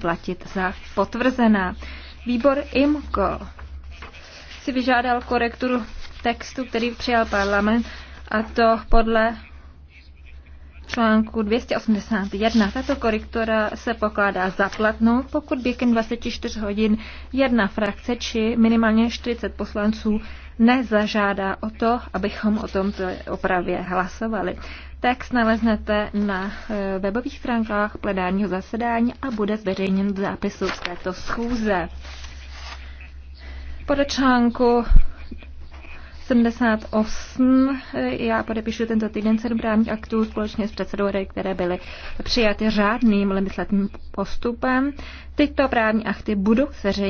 platit za potvrzená. Výbor IMCO si vyžádal korekturu textu, který přijal parlament, a to podle článku 281. Tato korektora se pokládá za platnou, pokud během 24 hodin jedna frakce či minimálně 40 poslanců nezažádá o to, abychom o tomto opravě hlasovali. Text naleznete na e, webových stránkách plenárního zasedání a bude zveřejněn v zápisu z této schůze. Podle článku 78. Já podepíšu tento týden sedm právních aktů společně s předsedou které byly přijaty řádným legislativním postupem. Tyto právní akty budou zveřejněny.